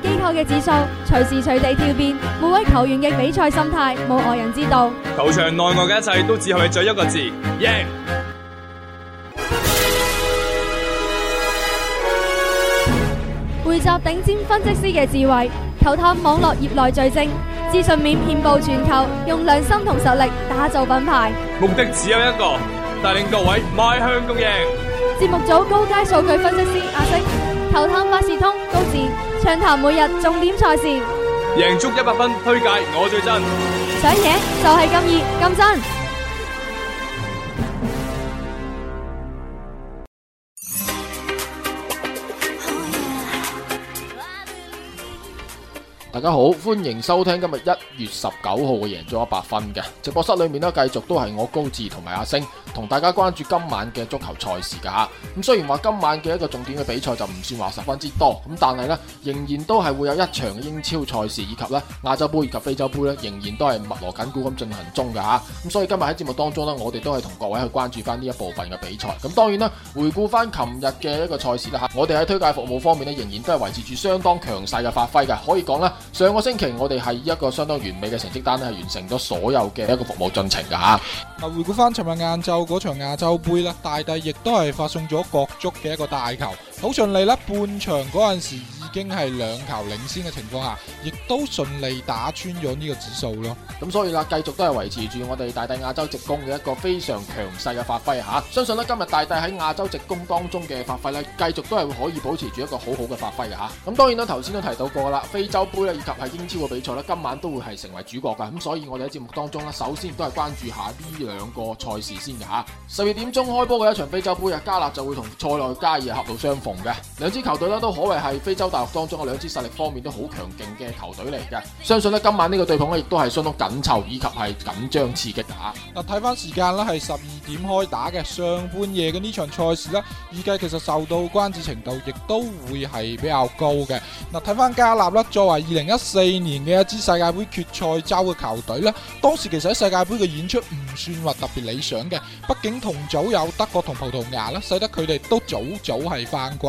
機構嘅指數隨時隨地跳變，每位球員嘅比賽心態冇外人知道。球場內外嘅一切都只可以再一個字：贏。匯集頂尖分析師嘅智慧，球探網絡業內最精，資訊面遍布全球，用良心同實力打造品牌。目的只有一個，帶領各位邁向共贏。節目組高階數據分析師阿星，球探萬事通高智。暢談每日重點賽事，贏足一百分推介，我最真，想贏就係咁易咁真。大家好，歡迎收聽今日一月十九號嘅贏咗一百分嘅直播室裏面咧，繼續都係我高志同埋阿星同大家關注今晚嘅足球賽事噶吓。咁、嗯、雖然話今晚嘅一個重點嘅比賽就唔算話十分之多，咁但係呢，仍然都係會有一場英超賽事以及呢亞洲杯以及非洲杯呢，仍然都係密鑼緊鼓咁進行中噶吓。咁、嗯、所以今日喺節目當中呢，我哋都係同各位去關注翻呢一部分嘅比賽。咁、嗯、當然啦，回顧翻琴日嘅一個賽事啦吓，我哋喺推介服務方面呢，仍然都係維持住相當強勢嘅發揮嘅，可以講呢。上個星期我哋係一個相當完美嘅成績單咧，係完成咗所有嘅一個服務進程㗎吓。啊，回顧翻尋日晏晝嗰場亞洲杯咧，大帝亦都係發送咗國足嘅一個大球，好順利啦！半場嗰陣時，已經係兩球領先嘅情況下，亦都順利打穿咗呢個指數咯。咁所以啦，繼續都係維持住我哋大帝亞洲直攻嘅一個非常強勢嘅發揮吓。相信呢，今日大帝喺亞洲直攻當中嘅發揮呢，繼續都係可以保持住一個好好嘅發揮嘅吓。咁當然啦，頭先都提到過啦，非洲杯咧以及係英超嘅比賽呢，今晚都會係成為主角噶。咁所以我哋喺節目當中呢，首先都係關注下呢兩個賽事先嘅吓。十二點鐘開波嘅一場非洲杯啊，加納就會同塞內加爾狹路相逢嘅，兩支球隊咧都可謂係非洲。當中嘅兩支實力方面都好強勁嘅球隊嚟嘅，相信呢，今晚呢個對碰咧亦都係相當緊湊以及係緊張刺激㗎。嗱，睇翻時間咧係十二點開打嘅。上半夜嘅呢場賽事咧，預計其實受到關注程度亦都會係比較高嘅。嗱，睇翻加納啦，作為二零一四年嘅一支世界杯決賽周嘅球隊咧，當時其實喺世界杯嘅演出唔算話特別理想嘅，畢竟同組有德國同葡萄牙啦，使得佢哋都早早係翻歸。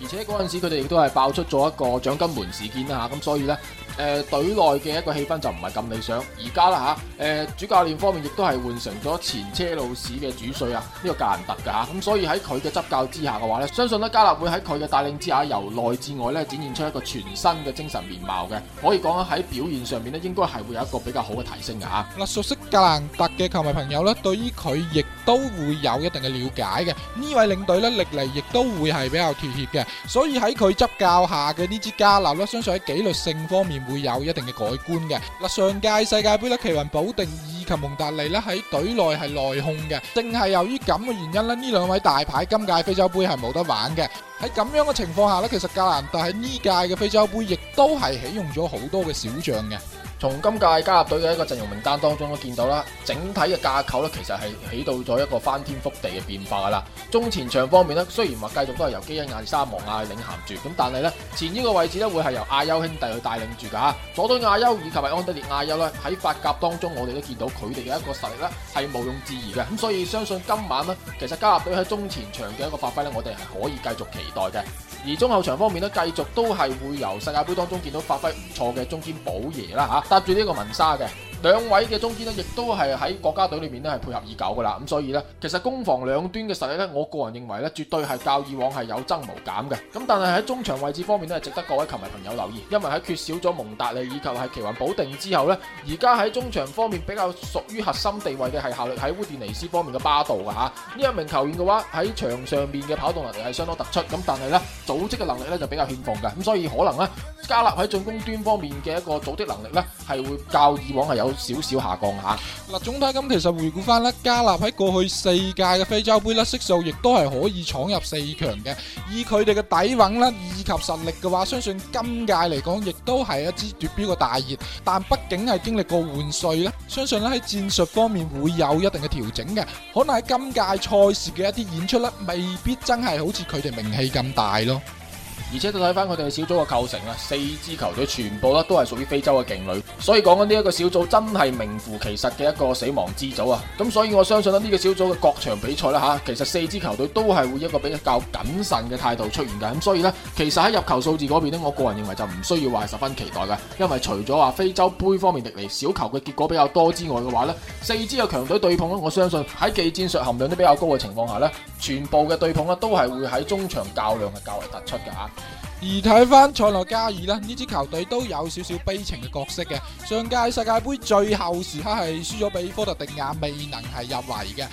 而且嗰陣時佢哋亦都係爆出，做一個獎金門事件啦吓，咁所以咧。誒、呃，隊內嘅一個氣氛就唔係咁理想，而家啦吓，誒、啊、主教練方面亦都係換成咗前車路士嘅主帥、這個、啊，呢個格蘭特噶吓，咁所以喺佢嘅執教之下嘅話呢，相信呢，加納會喺佢嘅帶領之下由內至外咧展現出一個全新嘅精神面貌嘅，可以講喺表現上面呢，應該係會有一個比較好嘅提升噶吓。嗱、啊，熟悉格蘭特嘅球迷朋友呢，對於佢亦都會有一定嘅了解嘅，呢位領隊呢，歷嚟亦都會係比較鐵血嘅，所以喺佢執教下嘅呢支加納呢，相信喺紀律性方面。會有一定嘅改觀嘅。嗱，上屆世界杯咧，奇雲保定以及蒙達利咧喺隊內係內控嘅，正係由於咁嘅原因咧，呢兩位大牌今屆非洲杯係冇得玩嘅。喺咁樣嘅情況下咧，其實格蘭特喺呢屆嘅非洲杯亦都係起用咗好多嘅小將嘅。從今屆加納隊嘅一個陣容名單當中都見到啦，整體嘅架構咧其實係起到咗一個翻天覆地嘅變化噶啦。中前場方面咧，雖然話繼續都係由基恩、亞沙、莫亞去領銜住，咁但係咧前呢個位置咧會係由亞優兄弟去帶領住噶吓。左端亞優以及係安德烈亞優咧喺法甲當中，我哋都見到佢哋嘅一個實力咧係毋庸置疑嘅。咁所以相信今晚呢，其實加納隊喺中前場嘅一個發揮咧，我哋係可以繼續期待嘅。而中後場方面咧，繼續都係會由世界杯當中見到發揮唔錯嘅中堅寶爺啦吓。搭住呢個文紗嘅。兩位嘅中堅呢，亦都係喺國家隊裏面咧係配合已久噶啦。咁所以呢，其實攻防兩端嘅實力呢，我個人認為呢，絕對係較以往係有增無減嘅。咁但係喺中場位置方面呢，值得各位球迷朋友留意，因為喺缺少咗蒙達利以及係奇雲保定之後呢，而家喺中場方面比較屬於核心地位嘅係效力喺烏迪尼斯方面嘅巴道㗎。呢一名球員嘅話喺場上面嘅跑動能力係相當突出，咁但係呢，組織嘅能力呢，就比較欠奉嘅。咁所以可能呢，加納喺進攻端方面嘅一個組織能力呢，係會較以往係有少少下降下嗱、啊，總體咁其實回顧翻咧，加納喺過去四屆嘅非洲杯咧，悉數亦都係可以闖入四強嘅。以佢哋嘅底蘊啦，以及實力嘅話，相信今屆嚟講亦都係一支奪標嘅大熱。但畢竟係經歷過換帥啦，相信咧喺戰術方面會有一定嘅調整嘅，可能喺今屆賽事嘅一啲演出咧，未必真係好似佢哋名氣咁大咯。而且睇翻佢哋嘅小組嘅構成啊，四支球隊全部咧都係屬於非洲嘅勁旅，所以講緊呢一個小組真係名副其實嘅一個死亡之組啊！咁所以我相信呢個小組嘅各場比賽咧，其實四支球隊都係會一個比較謹慎嘅態度出現㗎，咁所以呢，其實喺入球數字嗰邊呢，我個人認為就唔需要話十分期待嘅，因為除咗話非洲杯方面嚟小球嘅結果比較多之外嘅話呢，四支嘅強隊對碰呢，我相信喺技戰術含量都比較高嘅情況下呢，全部嘅對碰呢都係會喺中場較量較為突出㗎嚇。而睇翻塞內加爾咧，呢支球隊都有少少悲情嘅角色嘅。上屆世界杯最後時刻係輸咗俾科特迪瓦，未能係入圍嘅。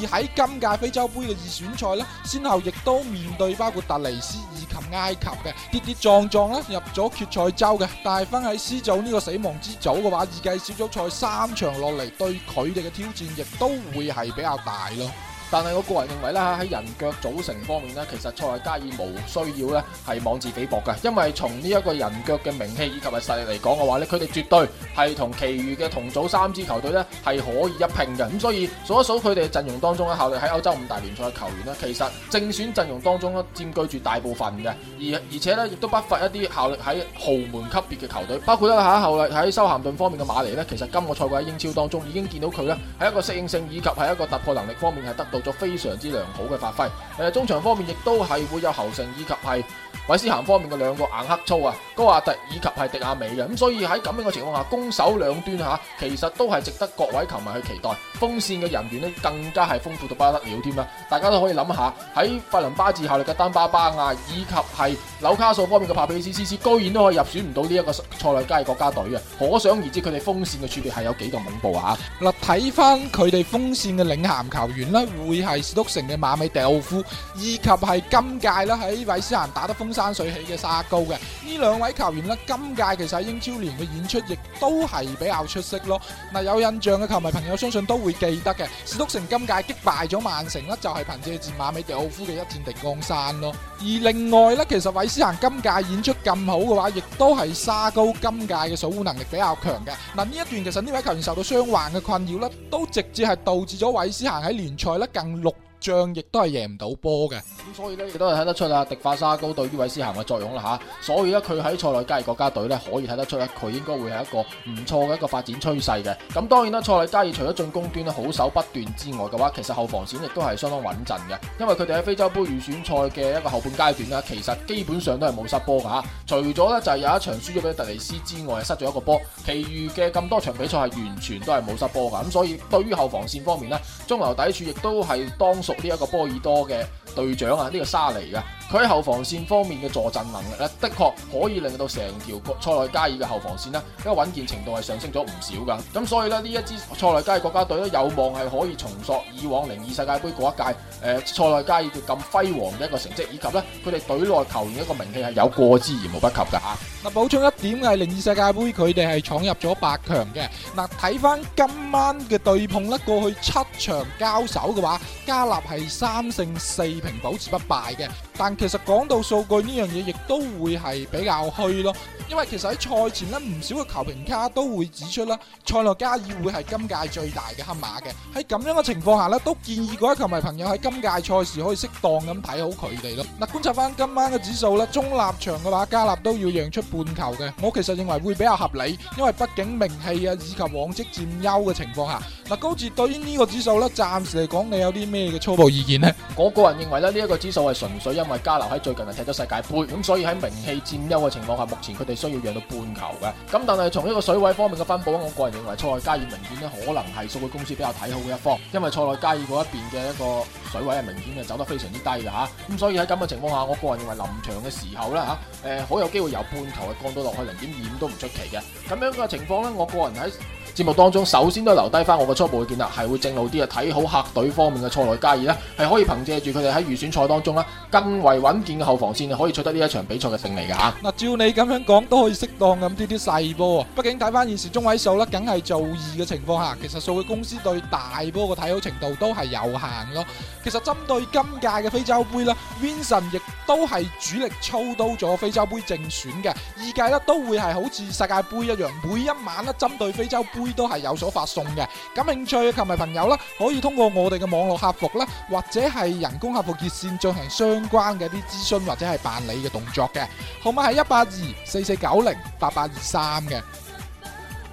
而喺今屆非洲杯嘅預選賽呢，先後亦都面對包括突尼斯以及埃及嘅跌跌撞撞咧入咗決賽周嘅。但係喺 C 組呢個死亡之組嘅話，預計小組賽三場落嚟對佢哋嘅挑戰亦都會係比較大咯。但係我個人認為咧，喺人腳組成方面咧，其實塞加爾無需要咧係妄自菲薄嘅，因為從呢一個人腳嘅名氣以及嘅實力嚟講嘅話咧，佢哋絕對係同其餘嘅同組三支球隊咧係可以一拼嘅。咁所以數一數佢哋陣容當中嘅效力喺歐洲五大聯賽嘅球員咧，其實正選陣容當中咧佔據住大部分嘅，而而且咧亦都不乏一啲效力喺豪門級別嘅球隊，包括咧吓後嚟喺修咸頓方面嘅馬尼咧，其實今個賽季喺英超當中已經見到佢咧喺一個適應性以及係一個突破能力方面係得。做咗非常之良好嘅發揮，誒，中場方面亦都係會有後剩以及係，韋斯咸方面嘅兩個硬黑粗啊，高阿特以及係迪亞美嘅，咁所以喺咁樣嘅情況下，攻守兩端吓，其實都係值得各位球迷去期待。鋒線嘅人員呢，更加係豐富到不得了添、啊、啦。大家都可以諗下，喺費倫巴治效力嘅丹巴巴啊，以及係紐卡素方面嘅帕比斯斯斯，居然都可以入選唔到呢一個賽內加爾國家隊啊。可想而知佢哋鋒線嘅儲備係有幾咁恐怖啊！嗱，睇翻佢哋鋒線嘅領銜球員呢，會係斯托城嘅馬尾迪奧夫，以及係今屆啦喺韋斯咸打得鋒。山水起嘅沙高嘅呢兩位球員咧，今屆其實喺英超聯嘅演出亦都係比較出色咯。嗱，有印象嘅球迷朋友相信都會記得嘅，史篤城今屆擊敗咗曼城咧，就係、是、憑借住馬美迪奧夫嘅一戰定江山咯。而另外咧，其實韋斯咸今屆演出咁好嘅話，亦都係沙高今屆嘅守護能力比較強嘅。嗱，呢一段其實呢位球員受到傷患嘅困擾咧，都直接係導致咗韋斯咸喺聯賽咧近六。更仗亦都係贏唔到波嘅，咁所以咧亦都係睇得出啊，迪化沙高對呢位斯行嘅作用啦吓，所以咧佢喺塞內加爾國家隊咧可以睇得出咧佢應該會係一個唔錯嘅一個發展趨勢嘅，咁當然啦，塞內加爾除咗進攻端咧好手不斷之外嘅話，其實後防線亦都係相當穩陣嘅，因為佢哋喺非洲杯預選賽嘅一個後半階段咧，其實基本上都係冇失波噶？吓，除咗咧就係有一場輸咗俾特尼斯之外，失咗一個波，其餘嘅咁多場比賽係完全都係冇失波噶，咁所以對於後防線方面咧，中流砥柱亦都係當屬。呢、這、一個波爾多嘅隊長啊，呢、這個沙尼㗎，佢喺後防線方面嘅助陣能力啊，的確可以令到成條塞內加爾嘅後防線咧，一個穩健程度係上升咗唔少噶。咁所以呢，呢一支塞內加爾國家隊呢，有望係可以重塑以往零二世界盃嗰一屆誒、呃、塞內加爾咁輝煌嘅一個成績，以及呢佢哋隊內球員的一個名氣係有過之而無不及噶吓。嗱，補充一點係零二世界盃佢哋係闖入咗八強嘅。嗱，睇翻今晚嘅對碰咧，過去七場交手嘅話，加納。係三勝四平，保持不敗嘅。.但其實講到數據呢樣嘢，亦都會係比較虛咯。因為其實喺賽前咧，唔少嘅球評家都會指出啦，賽內加爾會係今屆最大嘅黑馬嘅。喺咁樣嘅情況下咧，都建議各位球迷朋友喺今屆賽事可以適當咁睇好佢哋咯。嗱，觀察翻今晚嘅指數咧，中立場嘅話，加納都要讓出半球嘅。我其實認為會比較合理，因為畢竟名氣啊以及往績佔優嘅情況下，嗱高捷對於呢個指數咧，暫時嚟講你有啲咩嘅初步意見咧？我個人認為咧，呢一個指數係純粹一。因為加留喺最近係踢咗世界杯，咁所以喺名氣佔優嘅情況下，目前佢哋需要讓到半球嘅。咁但係從一個水位方面嘅分布，我個人認為賽內加爾明顯咧可能係數據公司比較睇好嘅一方，因為賽內加爾嗰一邊嘅一個水位係明顯係走得非常之低嘅吓。咁所以喺咁嘅情況下，我個人認為臨場嘅時候咧吓，誒、呃，好有機會由半球啊降到落去零點二五都唔出奇嘅。咁樣嘅情況咧，我個人喺。節目當中首先都留低翻我個初步嘅見啦，係會正路啲啊，睇好客隊方面嘅塞內加爾呢係可以憑借住佢哋喺預選賽當中呢，更為穩健嘅後防線，可以取得呢一場比賽嘅勝利噶吓。嗱，照你咁樣講都可以適當咁啲啲細波，畢竟睇翻現時中位數呢，梗係做二嘅情況下，其實數據公司對大波嘅睇好程度都係有限咯。其實針對今屆嘅非洲杯啦，Vincent 亦都係主力操刀咗非洲杯正選嘅，二屆呢，都會係好似世界杯一樣，每一晚呢針對非洲杯。杯都係有所發送嘅，感興趣嘅球迷朋友啦，可以通過我哋嘅網絡客服啦，或者係人工客服熱線進行相關嘅一啲諮詢或者係辦理嘅動作嘅，號碼係一八二四四九零八八二三嘅。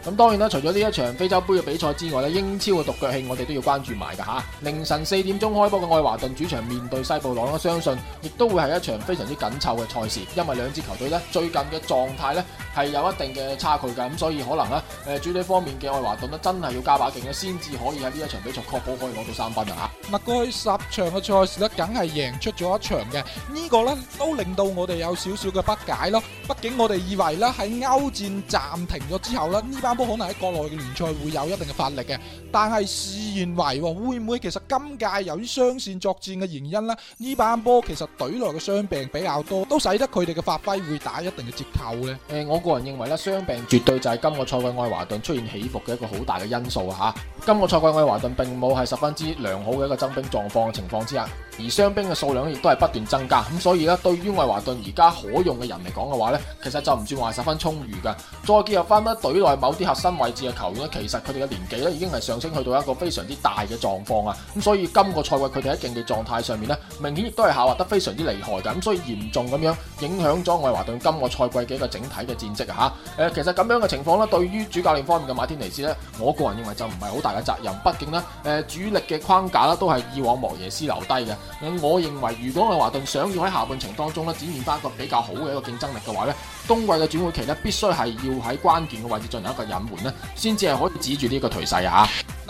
咁當然啦，除咗呢一場非洲杯嘅比賽之外咧，英超嘅獨腳戲我哋都要關注埋㗎吓。凌晨四點鐘開波嘅愛華頓主場面對西布朗，我相信亦都會係一場非常之緊湊嘅賽事，因為兩支球隊咧最近嘅狀態咧係有一定嘅差距㗎，咁所以可能呢，誒主隊方面嘅愛華頓呢真係要加把勁先至可以喺呢一場比賽確保可以攞到三分啊！嗱，過去十場嘅賽事咧，梗係贏出咗一場嘅，呢個咧都令到我哋有少少嘅不解咯。畢竟我哋以為咧喺歐戰暫停咗之後咧，呢波可能喺國內嘅聯賽會有一定嘅發力嘅，但係事前為會唔會其實今屆由於雙線作戰嘅原因呢？呢班波其實隊內嘅傷病比較多，都使得佢哋嘅發揮會打一定嘅折扣呢？誒、呃，我個人認為咧，傷病絕對就係今個賽季愛華頓出現起伏嘅一個好大嘅因素吓、啊。今個賽季愛華頓並冇係十分之良好嘅一個增兵狀況嘅情況之下，而傷兵嘅數量亦都係不斷增加。咁所以呢，對於愛華頓而家可用嘅人嚟講嘅話呢，其實就唔算話十分充裕噶。再結合翻呢隊內某。啲核心位置嘅球員咧，其實佢哋嘅年紀咧已經係上升去到一個非常之大嘅狀況啊！咁所以今個賽季佢哋喺競技狀態上面咧，明顯亦都係下滑得非常之厲害嘅，咁所以嚴重咁樣影響咗愛華頓今個賽季嘅一個整體嘅戰績啊！吓，誒，其實咁樣嘅情況咧，對於主教練方面嘅馬天尼斯咧，我個人認為就唔係好大嘅責任，畢竟咧，誒，主力嘅框架咧都係以往莫耶斯留低嘅。我認為如果愛華頓想要喺下半程當中咧展現翻一個比較好嘅一個競爭力嘅話咧，冬季嘅轉會期咧，必須係要喺關鍵嘅位置進行一個隱瞞咧，先至係可以止住呢個頹勢啊！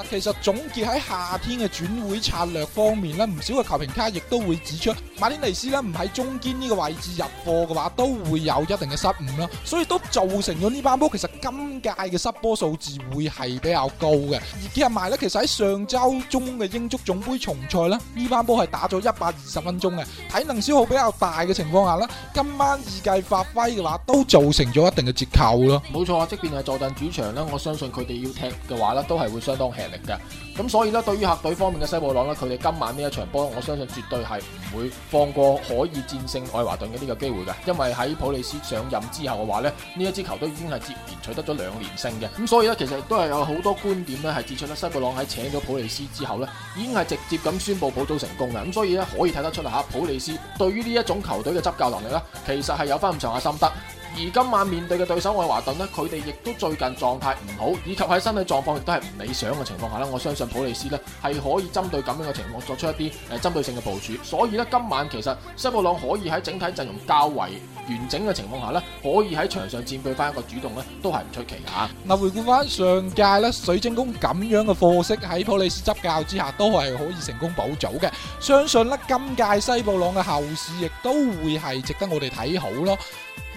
其實總結喺夏天嘅轉會策略方面咧，唔少嘅球評卡亦都會指出，馬丁尼斯咧唔喺中堅呢個位置入貨嘅話，都會有一定嘅失誤咯。所以都造成咗呢班波，其實今屆嘅失波數字會係比較高嘅。而且埋呢，其實喺上周中嘅英足總杯重賽咧，呢班波係打咗一百二十分鐘嘅，體能消耗比較大嘅情況下咧，今晚預計發揮嘅話，都造成咗一定嘅折扣咯。冇錯啊，即便係坐鎮主場咧，我相信佢哋要踢嘅話咧，都係會相當吃嘅，咁所以咧，對於客隊方面嘅西布朗咧，佢哋今晚呢一場波，我相信絕對係唔會放過可以戰勝愛華頓嘅呢個機會嘅，因為喺普利斯上任之後嘅話咧，呢一支球隊已經係接連取得咗兩連勝嘅，咁所以咧，其實都係有好多觀點咧係指出咧，西布朗喺請咗普利斯之後咧，已經係直接咁宣布補祖成功嘅，咁所以咧，可以睇得出嚟吓，普利斯對於呢一種球隊嘅執教能力咧，其實係有翻咁上下心得。而今晚面對嘅對手愛華頓呢，佢哋亦都最近狀態唔好，以及喺身體狀況亦都係唔理想嘅情況下呢，我相信普利斯呢，係可以針對咁樣嘅情況作出一啲誒針對性嘅部署。所以呢，今晚其實西布朗可以喺整體陣容較為完整嘅情況下呢，可以喺場上佔據翻一個主動呢都係唔出奇嘅吓。嗱，回顧翻上屆呢水晶宮咁樣嘅課式喺普利斯執教之下都係可以成功保組嘅，相信呢，今屆西布朗嘅後市亦都會係值得我哋睇好咯。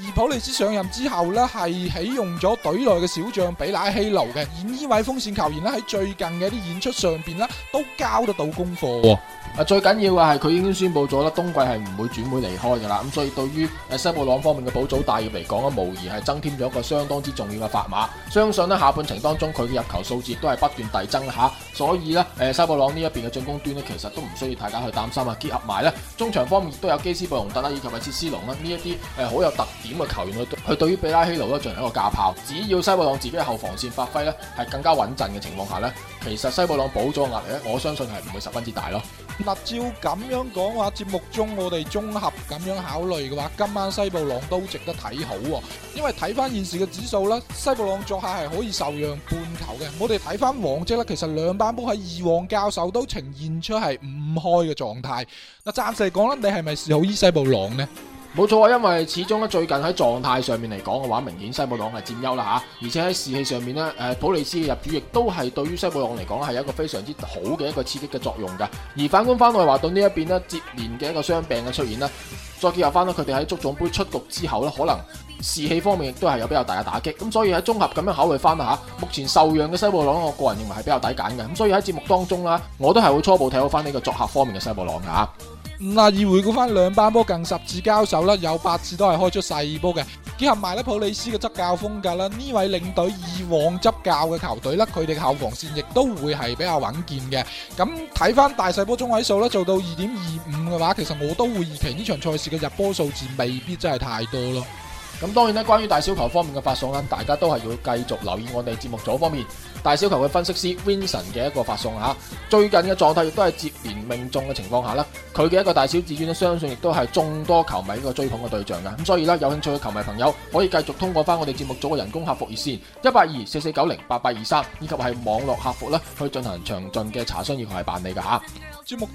而普利斯上任之後呢係起用咗隊內嘅小將比拉希流嘅，而呢位風扇球員呢，喺最近嘅啲演出上邊呢，都交得到功課喎。啊，最緊要嘅係佢已經宣布咗啦，冬季係唔會轉會離開嘅啦。咁所以對於誒西布朗方面嘅保組大業嚟講，無疑係增添咗一個相當之重要嘅砝碼。相信呢，下半程當中佢嘅入球數字都係不斷遞增啦，所以呢，誒西布朗呢一邊嘅進攻端呢，其實都唔需要大家去擔心啊。結合埋呢，中場方面亦都有基斯布隆特啦，以及阿切斯隆啦，呢一啲誒好有特點。咁啊，球員佢佢對於比拉希奴都進行一個架炮，只要西布朗自己後防線發揮咧係更加穩陣嘅情況下咧，其實西布朗補助嘅壓力咧，我相信係唔會十分之大咯。嗱，照咁樣講話，節目中我哋綜合咁樣考慮嘅話，今晚西布朗都值得睇好喎。因為睇翻現時嘅指數咧，西布朗作客係可以受讓半球嘅。我哋睇翻往績咧，其實兩班波喺以往教授都呈現出係五五開嘅狀態。嗱，暫時嚟講啦，你係咪看好依西布朗呢？冇錯啊，因為始終咧最近喺狀態上面嚟講嘅話，明顯西布朗係佔優啦嚇，而且喺士氣上面咧，誒普利斯嘅入主亦都係對於西布朗嚟講係一個非常之好嘅一個刺激嘅作用噶。而反觀翻愛華頓呢一邊咧，接連嘅一個傷病嘅出現咧，再結合翻咧佢哋喺足總杯出局之後咧，可能。士氣方面亦都係有比較大嘅打擊，咁所以喺綜合咁樣考慮翻啦吓，目前受讓嘅西布朗，我個人認為係比較抵揀嘅，咁所以喺節目當中啦，我都係會初步睇好翻呢個作客方面嘅西布朗噶吓。嗱，而回顧翻兩班波近十次交手啦，有八次都係開出細波嘅，結合埋呢普利斯嘅執教風格啦，呢位領隊以往執教嘅球隊啦，佢哋嘅後防線亦都會係比較穩健嘅。咁睇翻大細波中位數啦，做到二點二五嘅話，其實我都會預期呢場賽事嘅入波數字未必真係太多咯。咁當然呢，關於大小球方面嘅發送咧，大家都係要繼續留意我哋節目組方面大小球嘅分析師 Vincent 嘅一個發送吓。最近嘅狀態亦都係接連命中嘅情況下啦，佢嘅一個大小至尊呢，相信亦都係眾多球迷一個追捧嘅對象㗎。咁所以咧，有興趣嘅球迷朋友可以繼續通過翻我哋節目組嘅人工客服熱線一八二四四九零八八二三，823, 以及係網絡客服咧去進行詳盡嘅查詢以及係辦理㗎。吓。節目到